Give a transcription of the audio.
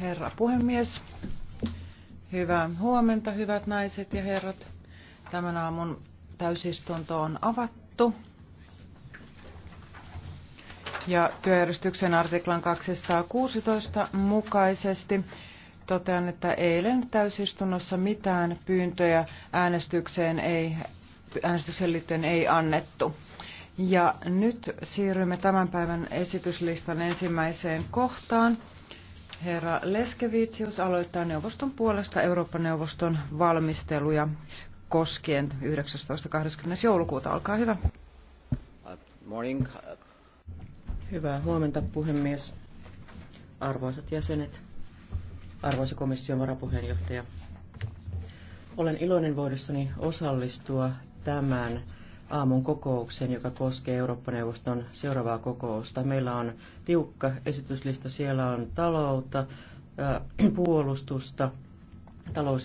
Herra puhemies, hyvää huomenta, hyvät naiset ja herrat. Tämän aamun täysistunto on avattu. Ja työjärjestyksen artiklan 216 mukaisesti totean, että eilen täysistunnossa mitään pyyntöjä äänestykseen, ei, äänestykseen liittyen ei annettu. Ja nyt siirrymme tämän päivän esityslistan ensimmäiseen kohtaan. Herra Leskevitsius aloittaa neuvoston puolesta Eurooppa-neuvoston valmisteluja koskien 19.20. joulukuuta. Olkaa hyvä. Hyvää huomenta, puhemies. Arvoisat jäsenet, arvoisa komission varapuheenjohtaja. Olen iloinen voidessani osallistua tämän aamun kokoukseen, joka koskee Eurooppa-neuvoston seuraavaa kokousta. Meillä on tiukka esityslista, siellä on taloutta, äh, puolustusta, talous- ja